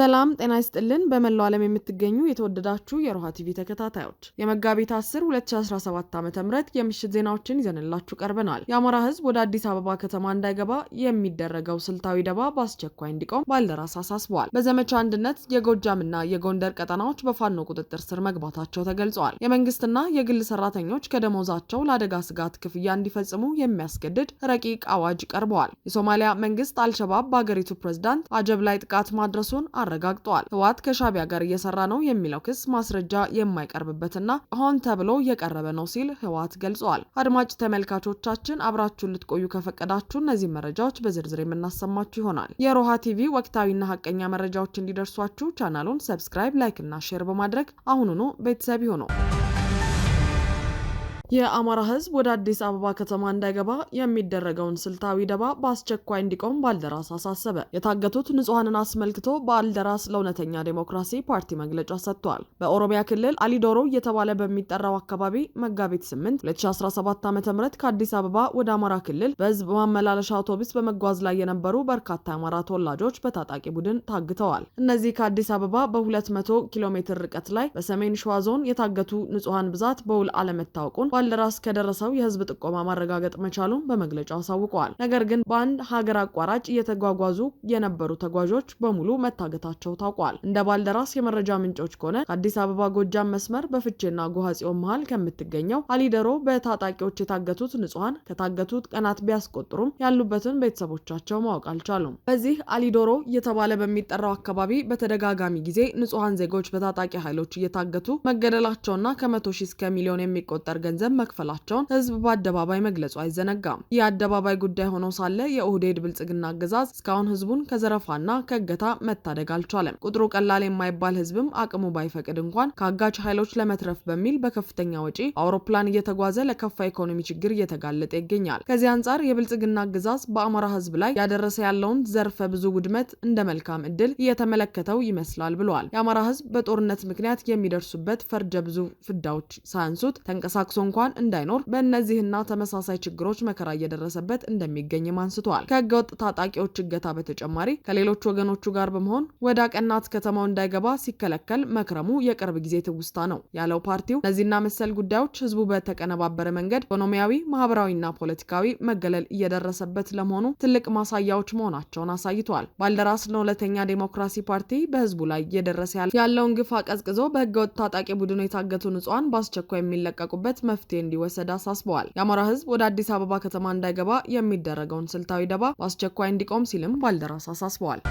ሰላም ጤና ይስጥልን። በመላው ዓለም የምትገኙ የተወደዳችሁ የሮሃ ቲቪ ተከታታዮች የመጋቢት 10 2017 ዓ ም የምሽት ዜናዎችን ይዘንላችሁ ቀርበናል። የአማራ ሕዝብ ወደ አዲስ አበባ ከተማ እንዳይገባ የሚደረገው ስልታዊ ደባ በአስቸኳይ እንዲቆም ባልደራስ አሳስበዋል። በዘመቻ አንድነት የጎጃምና የጎንደር ቀጠናዎች በፋኖ ቁጥጥር ስር መግባታቸው ተገልጿል። የመንግስትና የግል ሰራተኞች ከደሞዛቸው ለአደጋ ስጋት ክፍያ እንዲፈጽሙ የሚያስገድድ ረቂቅ አዋጅ ቀርበዋል። የሶማሊያ መንግስት አልሸባብ በአገሪቱ ፕሬዝዳንት አጀብ ላይ ጥቃት ማድረሱን አረጋግጠዋል። ህወሓት ከሻቢያ ጋር እየሰራ ነው የሚለው ክስ ማስረጃ የማይቀርብበትና ሆን ተብሎ የቀረበ ነው ሲል ህወሓት ገልጿል። አድማጭ ተመልካቾቻችን አብራችሁን ልትቆዩ ከፈቀዳችሁ እነዚህ መረጃዎች በዝርዝር የምናሰማችሁ ይሆናል። የሮሃ ቲቪ ወቅታዊና ሀቀኛ መረጃዎች እንዲደርሷችሁ ቻናሉን ሰብስክራይብ፣ ላይክ እና ሼር በማድረግ አሁኑኑ ቤተሰብ ይሁኑ። የአማራ ህዝብ ወደ አዲስ አበባ ከተማ እንዳይገባ የሚደረገውን ስልታዊ ደባ በአስቸኳይ እንዲቆም ባልደራስ አሳሰበ። የታገቱት ንጹሐንን አስመልክቶ ባልደራስ ለእውነተኛ ዴሞክራሲ ፓርቲ መግለጫ ሰጥቷል። በኦሮሚያ ክልል አሊዶሮ እየተባለ በሚጠራው አካባቢ መጋቢት 8 2017 ዓ ም ከአዲስ አበባ ወደ አማራ ክልል በህዝብ ማመላለሻ አውቶቡስ በመጓዝ ላይ የነበሩ በርካታ የአማራ ተወላጆች በታጣቂ ቡድን ታግተዋል። እነዚህ ከአዲስ አበባ በ200 ኪሎ ሜትር ርቀት ላይ በሰሜን ሸዋ ዞን የታገቱ ንጹሐን ብዛት በውል አለመታወቁን አባል ለራስ ከደረሰው የህዝብ ጥቆማ ማረጋገጥ መቻሉን በመግለጫው አሳውቀዋል። ነገር ግን በአንድ ሀገር አቋራጭ እየተጓጓዙ የነበሩ ተጓዦች በሙሉ መታገታቸው ታውቋል። እንደ ባልደራስ የመረጃ ምንጮች ከሆነ ከአዲስ አበባ ጎጃም መስመር በፍቼና ጎሃ ጽዮን መሀል ከምትገኘው አሊደሮ በታጣቂዎች የታገቱት ንጹሐን ከታገቱት ቀናት ቢያስቆጥሩም ያሉበትን ቤተሰቦቻቸው ማወቅ አልቻሉም። በዚህ አሊዶሮ እየተባለ በሚጠራው አካባቢ በተደጋጋሚ ጊዜ ንጹሐን ዜጎች በታጣቂ ኃይሎች እየታገቱ መገደላቸውና ከመቶ ሺህ እስከ ሚሊዮን የሚቆጠር ገንዘብ ገንዘብ መክፈላቸውን ህዝብ በአደባባይ መግለጹ አይዘነጋም። ይህ አደባባይ ጉዳይ ሆኖ ሳለ የኦህዴድ ብልጽግና አገዛዝ እስካሁን ህዝቡን ከዘረፋና ከእገታ መታደግ አልቻለም። ቁጥሩ ቀላል የማይባል ህዝብም አቅሙ ባይፈቅድ እንኳን ከአጋች ኃይሎች ለመትረፍ በሚል በከፍተኛ ወጪ አውሮፕላን እየተጓዘ ለከፋ ኢኮኖሚ ችግር እየተጋለጠ ይገኛል። ከዚህ አንጻር የብልጽግና አገዛዝ በአማራ ህዝብ ላይ ያደረሰ ያለውን ዘርፈ ብዙ ውድመት እንደ መልካም እድል እየተመለከተው ይመስላል ብለዋል። የአማራ ህዝብ በጦርነት ምክንያት የሚደርሱበት ፈርጀ ብዙ ፍዳዎች ሳያንሱት ተንቀሳቅሶ እንኳ እንኳን እንዳይኖር በእነዚህና ተመሳሳይ ችግሮች መከራ እየደረሰበት እንደሚገኝም አንስተዋል። ከህገወጥ ታጣቂዎች እገታ በተጨማሪ ከሌሎች ወገኖቹ ጋር በመሆን ወደ አቀናት ከተማው እንዳይገባ ሲከለከል መክረሙ የቅርብ ጊዜ ትውስታ ነው ያለው ፓርቲው እነዚህና መሰል ጉዳዮች ህዝቡ በተቀነባበረ መንገድ ኢኮኖሚያዊ፣ ማህበራዊና ፖለቲካዊ መገለል እየደረሰበት ለመሆኑ ትልቅ ማሳያዎች መሆናቸውን አሳይተዋል። ባልደራስ ለሁለተኛ ዴሞክራሲ ፓርቲ በህዝቡ ላይ እየደረሰ ያለውን ግፍ አቀዝቅዞ በህገወጥ ታጣቂ ቡድኑ የታገቱ ንጹሐን በአስቸኳይ የሚለቀቁበት መፍትሄ መፍትሄ እንዲወሰድ አሳስበዋል። የአማራ ህዝብ ወደ አዲስ አበባ ከተማ እንዳይገባ የሚደረገውን ስልታዊ ደባ በአስቸኳይ እንዲቆም ሲልም ባልደራስ አሳስበዋል።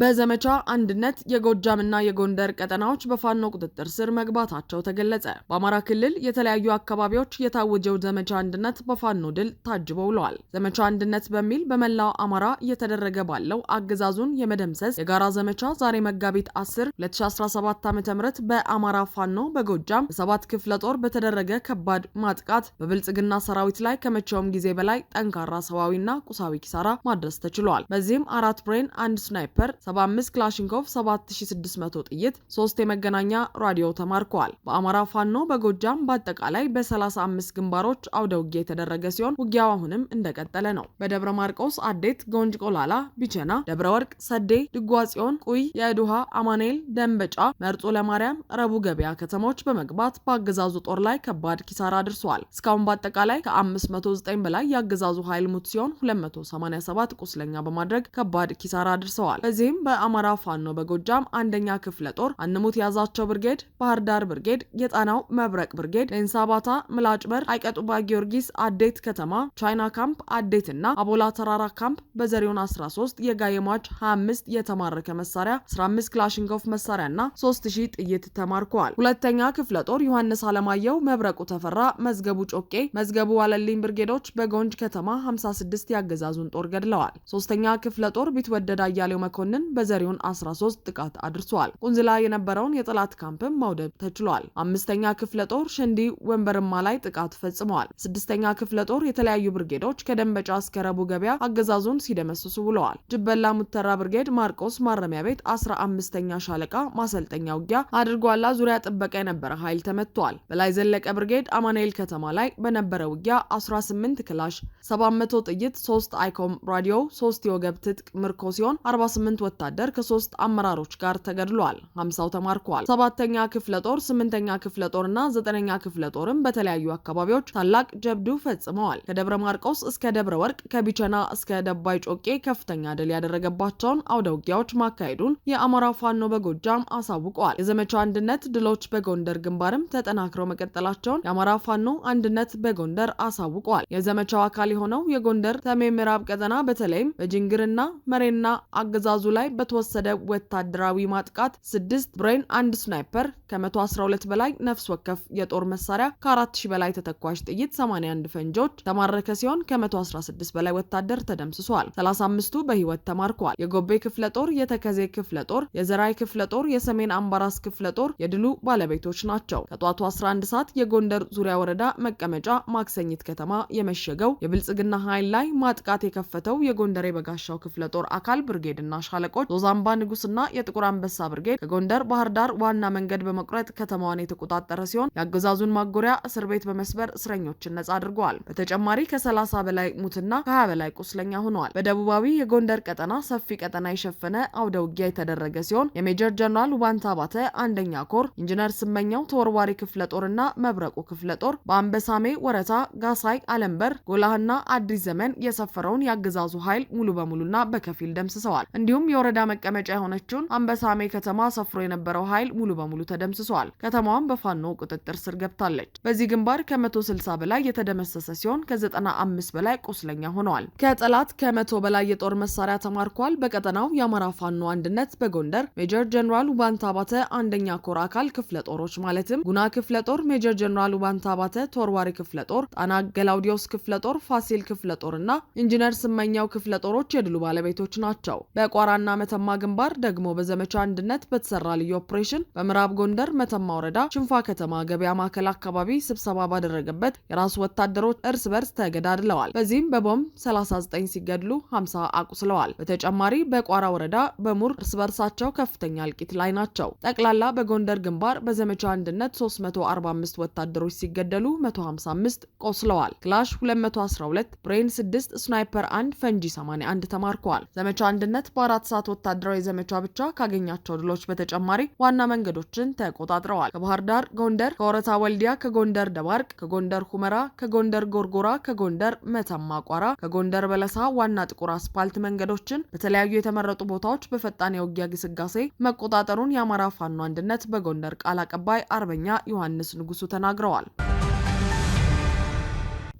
በዘመቻ አንድነት የጎጃምና የጎንደር ቀጠናዎች በፋኖ ቁጥጥር ስር መግባታቸው ተገለጸ። በአማራ ክልል የተለያዩ አካባቢዎች የታወጀው ዘመቻ አንድነት በፋኖ ድል ታጅቦ ውለዋል። ዘመቻ አንድነት በሚል በመላው አማራ እየተደረገ ባለው አገዛዙን የመደምሰስ የጋራ ዘመቻ ዛሬ መጋቢት 10 2017 ዓ ም በአማራ ፋኖ በጎጃም በሰባት ክፍለ ጦር በተደረገ ከባድ ማጥቃት በብልጽግና ሰራዊት ላይ ከመቼውም ጊዜ በላይ ጠንካራ ሰዋዊና ቁሳዊ ኪሳራ ማድረስ ተችሏል። በዚህም አራት ብሬን፣ አንድ ስናይፐር 75 ክላሽንኮቭ፣ 7600 ጥይት፣ 3 የመገናኛ ራዲዮ ተማርከዋል። በአማራ ፋኖ በጎጃም በአጠቃላይ በ35 ግንባሮች አውደ ውጊያ የተደረገ ሲሆን ውጊያው አሁንም እንደቀጠለ ነው። በደብረ ማርቆስ፣ አዴት፣ ጎንጅ ቆላላ፣ ቢቸና፣ ደብረ ወርቅ፣ ሰዴ፣ ድጓጽዮን፣ ቁይ፣ የዱሃ አማኔል ደንበጫ፣ መርጦ ለማርያም፣ ረቡ ገበያ ከተሞች በመግባት በአገዛዙ ጦር ላይ ከባድ ኪሳራ አድርሰዋል። እስካሁን በአጠቃላይ ከ509 በላይ የአገዛዙ ኃይል ሙት ሲሆን 287 ቁስለኛ በማድረግ ከባድ ኪሳራ አድርሰዋል። በዚህም በተለይም በአማራ ፋኖ በጎጃም አንደኛ ክፍለ ጦር አንሙት የያዛቸው ብርጌድ፣ ባህር ዳር ብርጌድ፣ የጣናው መብረቅ ብርጌድ፣ ሌንሳባታ፣ ምላጭበር፣ አይቀጡባ ጊዮርጊስ፣ አዴት ከተማ፣ ቻይና ካምፕ፣ አዴት እና አቦላ ተራራ ካምፕ በዘሬውን 13 የጋየማች 25 የተማረከ መሳሪያ 15 ክላሽንኮፍ መሳሪያ እና 3000 ጥይት ተማርከዋል። ሁለተኛ ክፍለ ጦር ዮሐንስ አለማየሁ፣ መብረቁ ተፈራ፣ መዝገቡ ጮቄ፣ መዝገቡ ዋለልኝ ብርጌዶች በጎንጅ ከተማ 56 ያገዛዙን ጦር ገድለዋል። ሶስተኛ ክፍለ ጦር ቢትወደድ አያሌው መኮንን በዘሪውን 13 ጥቃት አድርሷል። ቁንዝላ የነበረውን የጠላት ካምፕም ማውደብ ተችሏል። አምስተኛ ክፍለ ጦር ሸንዲ ወንበርማ ላይ ጥቃት ፈጽመዋል። ስድስተኛ ክፍለ ጦር የተለያዩ ብርጌዶች ከደንበጫ እስከ ገበያ አገዛዙን ሲደመስሱ ውለዋል። ጅበላ ሙተራ ብርጌድ ማርቆስ ማረሚያ ቤት 15ኛ ሻለቃ ማሰልጠኛ ውጊያ አድርጓላ ዙሪያ ጥበቃ የነበረ ኃይል ተመቷል። በላይ ዘለቀ ብርጌድ አማኑኤል ከተማ ላይ በነበረ ውጊያ 18 ክላሽ 700 ጥይት 3 አይኮም ራዲዮ 3 የወገብ ትጥቅ ምርኮ ሲሆን 48 ወታደር ከሶስት አመራሮች ጋር ተገድሏል። ሀምሳው ተማርከዋል። ሰባተኛ ክፍለ ጦር፣ ስምንተኛ ክፍለ ጦር እና ዘጠነኛ ክፍለ ጦርም በተለያዩ አካባቢዎች ታላቅ ጀብዱ ፈጽመዋል። ከደብረ ማርቆስ እስከ ደብረ ወርቅ፣ ከቢቸና እስከ ደባይ ጮቄ ከፍተኛ ድል ያደረገባቸውን አውደ ውጊያዎች ማካሄዱን የአማራ ፋኖ በጎጃም አሳውቀዋል። የዘመቻ አንድነት ድሎች በጎንደር ግንባርም ተጠናክረው መቀጠላቸውን የአማራ ፋኖ አንድነት በጎንደር አሳውቀዋል። የዘመቻው አካል የሆነው የጎንደር ሰሜን ምዕራብ ቀጠና በተለይም በጅንግርና መሬና አገዛዙ ላይ ላይ በተወሰደ ወታደራዊ ማጥቃት ስድስት ብሬን፣ አንድ ስናይፐር ከ112 በላይ ነፍስ ወከፍ የጦር መሳሪያ ከ4000 በላይ ተተኳሽ ጥይት 81 ፈንጆች ተማረከ ሲሆን ከ116 በላይ ወታደር ተደምስሷል። 35ቱ በህይወት ተማርከዋል። የጎቤ ክፍለ ጦር፣ የተከዜ ክፍለ ጦር፣ የዘራይ ክፍለ ጦር፣ የሰሜን አምባራስ ክፍለ ጦር የድሉ ባለቤቶች ናቸው። ከጧቱ 11 ሰዓት የጎንደር ዙሪያ ወረዳ መቀመጫ ማክሰኝት ከተማ የመሸገው የብልጽግና ኃይል ላይ ማጥቃት የከፈተው የጎንደር የበጋሻው ክፍለ ጦር አካል ብርጌድና ሻለቆ ሻለቆች ዞዛምባ ንጉስና የጥቁር አንበሳ ብርጌድ ከጎንደር ባህር ዳር ዋና መንገድ በመቁረጥ ከተማዋን የተቆጣጠረ ሲሆን የአገዛዙን ማጎሪያ እስር ቤት በመስበር እስረኞችን ነጻ አድርገዋል። በተጨማሪ ከ30 በላይ ሙትና ከ20 በላይ ቁስለኛ ሆነዋል። በደቡባዊ የጎንደር ቀጠና ሰፊ ቀጠና የሸፈነ አውደ ውጊያ የተደረገ ሲሆን የሜጀር ጀነራል ውባንታ ባተ አንደኛ ኮር ኢንጂነር ስመኛው ተወርዋሪ ክፍለ ጦርና መብረቁ ክፍለ ጦር በአንበሳሜ ወረታ ጋሳይ አለምበር ጎላህና አዲስ ዘመን የሰፈረውን የአገዛዙ ኃይል ሙሉ በሙሉና በከፊል ደምስሰዋል። እንዲሁም የወረዳ መቀመጫ የሆነችውን አንበሳሜ ከተማ ሰፍሮ የነበረው ኃይል ሙሉ በሙሉ ተደምስሷል። ከተማዋም በፋኖ ቁጥጥር ስር ገብታለች። በዚህ ግንባር ከ160 በላይ የተደመሰሰ ሲሆን ከ95 በላይ ቁስለኛ ሆነዋል። ከጠላት ከመቶ በላይ የጦር መሳሪያ ተማርኳል። በቀጠናው የአማራ ፋኖ አንድነት በጎንደር ሜጀር ጀኔራል ውባንታ ባተ አንደኛ ኮር አካል ክፍለ ጦሮች ማለትም ጉና ክፍለ ጦር፣ ሜጀር ጀኔራል ውባንታ ባተ ተወርዋሪ ክፍለ ጦር፣ ጣና ገላውዲዮስ ክፍለ ጦር፣ ፋሲል ክፍለ ጦር እና ኢንጂነር ስመኛው ክፍለ ጦሮች የድሉ ባለቤቶች ናቸው። በቋራና ዋና መተማ ግንባር ደግሞ በዘመቻ አንድነት በተሰራ ልዩ ኦፕሬሽን በምዕራብ ጎንደር መተማ ወረዳ ሽንፋ ከተማ ገበያ ማዕከል አካባቢ ስብሰባ ባደረገበት የራሱ ወታደሮች እርስ በርስ ተገዳድለዋል። በዚህም በቦምብ 39 ሲገድሉ 50 አቁስለዋል። በተጨማሪ በቋራ ወረዳ በሙር እርስ በርሳቸው ከፍተኛ እልቂት ላይ ናቸው። ጠቅላላ በጎንደር ግንባር በዘመቻ አንድነት 345 ወታደሮች ሲገደሉ 155 ቆስለዋል። ክላሽ 212፣ ብሬን 6፣ ስናይፐር 1፣ ፈንጂ 81 ተማርከዋል። ዘመቻ አንድነት በአራት በአንበሳት ወታደራዊ ዘመቻ ብቻ ካገኛቸው ድሎች በተጨማሪ ዋና መንገዶችን ተቆጣጥረዋል። ከባህር ዳር ጎንደር፣ ከወረታ ወልዲያ፣ ከጎንደር ደባርቅ፣ ከጎንደር ሁመራ፣ ከጎንደር ጎርጎራ፣ ከጎንደር መተማ ቋራ፣ ከጎንደር በለሳ ዋና ጥቁር አስፓልት መንገዶችን በተለያዩ የተመረጡ ቦታዎች በፈጣን የውጊያ ግስጋሴ መቆጣጠሩን የአማራ ፋኖ አንድነት በጎንደር ቃል አቀባይ አርበኛ ዮሐንስ ንጉሱ ተናግረዋል።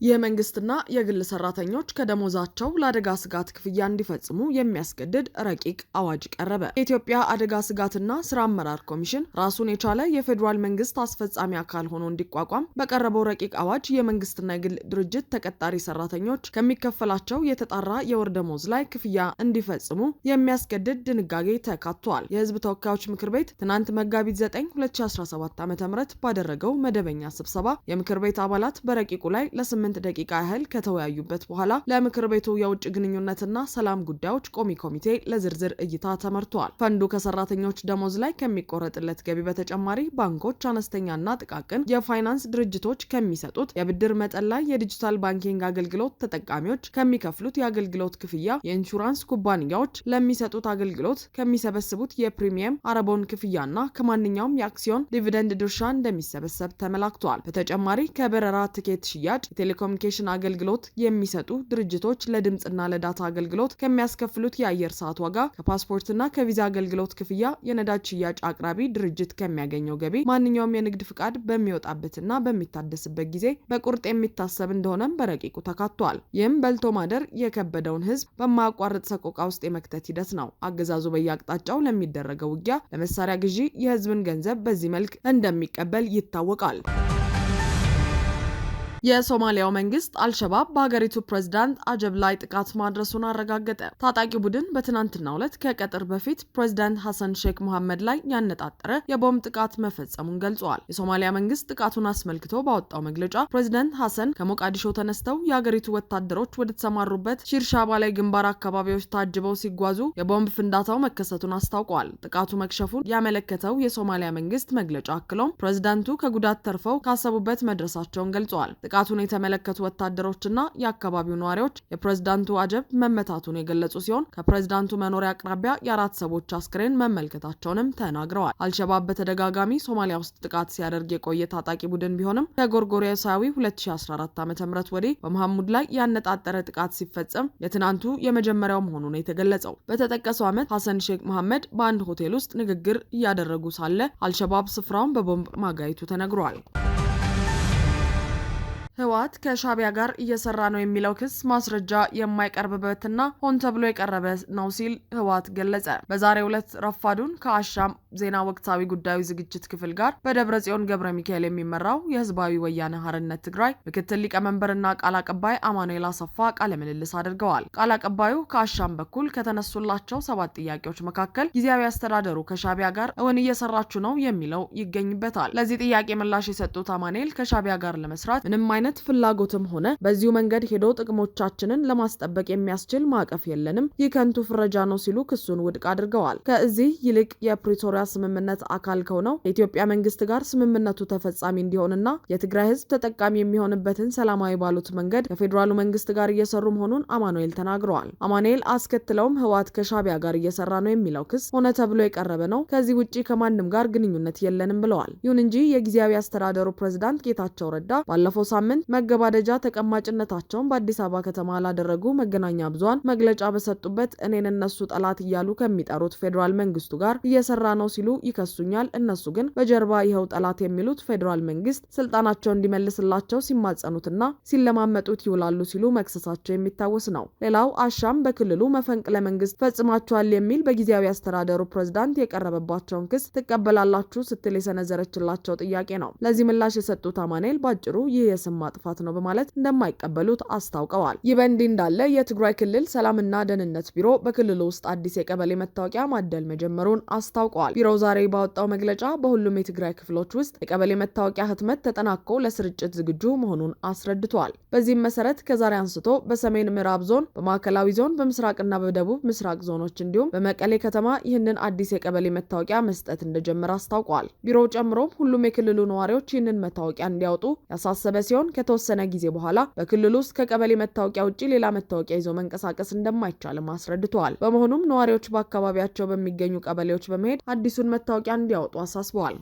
የመንግስትና የግል ሰራተኞች ከደሞዛቸው ለአደጋ ስጋት ክፍያ እንዲፈጽሙ የሚያስገድድ ረቂቅ አዋጅ ቀረበ። የኢትዮጵያ አደጋ ስጋትና ስራ አመራር ኮሚሽን ራሱን የቻለ የፌዴራል መንግስት አስፈጻሚ አካል ሆኖ እንዲቋቋም በቀረበው ረቂቅ አዋጅ የመንግስትና የግል ድርጅት ተቀጣሪ ሰራተኞች ከሚከፈላቸው የተጣራ የወር ደሞዝ ላይ ክፍያ እንዲፈጽሙ የሚያስገድድ ድንጋጌ ተካቷል። የህዝብ ተወካዮች ምክር ቤት ትናንት መጋቢት 9 2017 ዓ ም ባደረገው መደበኛ ስብሰባ የምክር ቤት አባላት በረቂቁ ላይ ለስምንት ለ ደቂቃ ያህል ከተወያዩበት በኋላ ለምክር ቤቱ የውጭ ግንኙነትና ሰላም ጉዳዮች ቆሚ ኮሚቴ ለዝርዝር እይታ ተመርቷል። ፈንዱ ከሰራተኞች ደሞዝ ላይ ከሚቆረጥለት ገቢ በተጨማሪ ባንኮች አነስተኛና ጥቃቅን የፋይናንስ ድርጅቶች ከሚሰጡት የብድር መጠን ላይ የዲጂታል ባንኪንግ አገልግሎት ተጠቃሚዎች ከሚከፍሉት የአገልግሎት ክፍያ፣ የኢንሹራንስ ኩባንያዎች ለሚሰጡት አገልግሎት ከሚሰበስቡት የፕሪሚየም አረቦን ክፍያና ከማንኛውም የአክሲዮን ዲቪደንድ ድርሻ እንደሚሰበሰብ ተመላክቷል። በተጨማሪ ከበረራ ትኬት ሽያጭ፣ የቴሌ የቴሌኮሙኒኬሽን አገልግሎት የሚሰጡ ድርጅቶች ለድምፅና ለዳታ አገልግሎት ከሚያስከፍሉት የአየር ሰዓት ዋጋ ከፓስፖርትና ከቪዛ አገልግሎት ክፍያ የነዳጅ ሽያጭ አቅራቢ ድርጅት ከሚያገኘው ገቢ ማንኛውም የንግድ ፍቃድ በሚወጣበትና በሚታደስበት ጊዜ በቁርጥ የሚታሰብ እንደሆነም በረቂቁ ተካቷል። ይህም በልቶ ማደር የከበደውን ህዝብ በማያቋርጥ ሰቆቃ ውስጥ የመክተት ሂደት ነው። አገዛዙ በየአቅጣጫው ለሚደረገው ውጊያ፣ ለመሳሪያ ግዢ የህዝብን ገንዘብ በዚህ መልክ እንደሚቀበል ይታወቃል። የሶማሊያው መንግስት አልሸባብ በሀገሪቱ ፕሬዚዳንት አጀብ ላይ ጥቃት ማድረሱን አረጋገጠ። ታጣቂ ቡድን በትናንትናው ዕለት ከቀጥር በፊት ፕሬዚዳንት ሐሰን ሼክ መሐመድ ላይ ያነጣጠረ የቦምብ ጥቃት መፈጸሙን ገልጿል። የሶማሊያ መንግስት ጥቃቱን አስመልክቶ ባወጣው መግለጫ ፕሬዚዳንት ሐሰን ከሞቃዲሾ ተነስተው የሀገሪቱ ወታደሮች ወደተሰማሩበት ሺርሻባ ላይ ግንባር አካባቢዎች ታጅበው ሲጓዙ የቦምብ ፍንዳታው መከሰቱን አስታውቋል። ጥቃቱ መክሸፉን ያመለከተው የሶማሊያ መንግስት መግለጫ አክሎም ፕሬዚዳንቱ ከጉዳት ተርፈው ካሰቡበት መድረሳቸውን ገልጿል። ጥቃቱን የተመለከቱ ወታደሮችና የአካባቢው ነዋሪዎች የፕሬዝዳንቱ አጀብ መመታቱን የገለጹ ሲሆን ከፕሬዝዳንቱ መኖሪያ አቅራቢያ የአራት ሰዎች አስክሬን መመልከታቸውንም ተናግረዋል። አልሸባብ በተደጋጋሚ ሶማሊያ ውስጥ ጥቃት ሲያደርግ የቆየ ታጣቂ ቡድን ቢሆንም ከጎርጎሪያሳዊ 2014 ዓ ም ወዲህ በመሐሙድ ላይ ያነጣጠረ ጥቃት ሲፈጸም የትናንቱ የመጀመሪያው መሆኑ ነው የተገለጸው። በተጠቀሰው ዓመት ሐሰን ሼክ መሐመድ በአንድ ሆቴል ውስጥ ንግግር እያደረጉ ሳለ አልሸባብ ስፍራውን በቦምብ ማጋየቱ ተነግሯል። ህወሓት ከሻቢያ ጋር እየሰራ ነው የሚለው ክስ ማስረጃ የማይቀርብበትና ሆን ተብሎ የቀረበ ነው ሲል ህወሓት ገለጸ። በዛሬው ዕለት ረፋዱን ከአሻም ዜና ወቅታዊ ጉዳዮች ዝግጅት ክፍል ጋር በደብረ ጽዮን ገብረ ሚካኤል የሚመራው የህዝባዊ ወያነ ሀርነት ትግራይ ምክትል ሊቀመንበርና ቃል አቀባይ አማኑኤል አሰፋ ቃለ ምልልስ አድርገዋል። ቃል አቀባዩ ከአሻም በኩል ከተነሱላቸው ሰባት ጥያቄዎች መካከል ጊዜያዊ አስተዳደሩ ከሻቢያ ጋር እውን እየሰራችሁ ነው የሚለው ይገኝበታል። ለዚህ ጥያቄ ምላሽ የሰጡት አማኑኤል ከሻቢያ ጋር ለመስራት ምንም አይነት አይነት ፍላጎትም ሆነ በዚሁ መንገድ ሄዶ ጥቅሞቻችንን ለማስጠበቅ የሚያስችል ማዕቀፍ የለንም፣ ይህ ከንቱ ፍረጃ ነው ሲሉ ክሱን ውድቅ አድርገዋል። ከእዚህ ይልቅ የፕሪቶሪያ ስምምነት አካል ከሆነው የኢትዮጵያ መንግስት ጋር ስምምነቱ ተፈጻሚ እንዲሆንና የትግራይ ህዝብ ተጠቃሚ የሚሆንበትን ሰላማዊ ባሉት መንገድ ከፌዴራሉ መንግስት ጋር እየሰሩ መሆኑን አማኑኤል ተናግረዋል። አማኑኤል አስከትለውም ህወሓት ከሻቢያ ጋር እየሰራ ነው የሚለው ክስ ሆነ ተብሎ የቀረበ ነው፣ ከዚህ ውጭ ከማንም ጋር ግንኙነት የለንም ብለዋል። ይሁን እንጂ የጊዜያዊ አስተዳደሩ ፕሬዚዳንት ጌታቸው ረዳ ባለፈው ሳምንት ሳምንት መገባደጃ ተቀማጭነታቸውን በአዲስ አበባ ከተማ ላደረጉ መገናኛ ብዙሃን መግለጫ በሰጡበት እኔን እነሱ ጠላት እያሉ ከሚጠሩት ፌዴራል መንግስቱ ጋር እየሰራ ነው ሲሉ ይከሱኛል። እነሱ ግን በጀርባ ይኸው ጠላት የሚሉት ፌዴራል መንግስት ስልጣናቸው እንዲመልስላቸው ሲማጸኑትና ሲለማመጡት ይውላሉ ሲሉ መክሰሳቸው የሚታወስ ነው። ሌላው አሻም በክልሉ መፈንቅለ መንግስት ፈጽማችኋል የሚል በጊዜያዊ አስተዳደሩ ፕሬዝዳንት የቀረበባቸውን ክስ ትቀበላላችሁ ስትል የሰነዘረችላቸው ጥያቄ ነው። ለዚህ ምላሽ የሰጡት አማኔል ባጭሩ ይህ የስማ ማጥፋት ነው በማለት እንደማይቀበሉት አስታውቀዋል። ይህ በእንዲህ እንዳለ የትግራይ ክልል ሰላምና ደህንነት ቢሮ በክልሉ ውስጥ አዲስ የቀበሌ መታወቂያ ማደል መጀመሩን አስታውቀዋል። ቢሮው ዛሬ ባወጣው መግለጫ በሁሉም የትግራይ ክፍሎች ውስጥ የቀበሌ መታወቂያ ህትመት ተጠናቆ ለስርጭት ዝግጁ መሆኑን አስረድቷል። በዚህም መሰረት ከዛሬ አንስቶ በሰሜን ምዕራብ ዞን፣ በማዕከላዊ ዞን፣ በምስራቅና በደቡብ ምስራቅ ዞኖች እንዲሁም በመቀሌ ከተማ ይህንን አዲስ የቀበሌ መታወቂያ መስጠት እንደጀመረ አስታውቋል። ቢሮው ጨምሮም ሁሉም የክልሉ ነዋሪዎች ይህንን መታወቂያ እንዲያወጡ ያሳሰበ ሲሆን ከተወሰነ ጊዜ በኋላ በክልሉ ውስጥ ከቀበሌ መታወቂያ ውጭ ሌላ መታወቂያ ይዞ መንቀሳቀስ እንደማይቻልም አስረድተዋል። በመሆኑም ነዋሪዎች በአካባቢያቸው በሚገኙ ቀበሌዎች በመሄድ አዲሱን መታወቂያ እንዲያወጡ አሳስበዋል።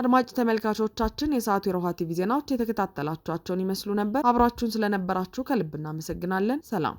አድማጭ ተመልካቾቻችን የሰዓቱ የሮሃ ቲቪ ዜናዎች የተከታተላችኋቸውን ይመስሉ ነበር። አብራችሁን ስለነበራችሁ ከልብ እናመሰግናለን። ሰላም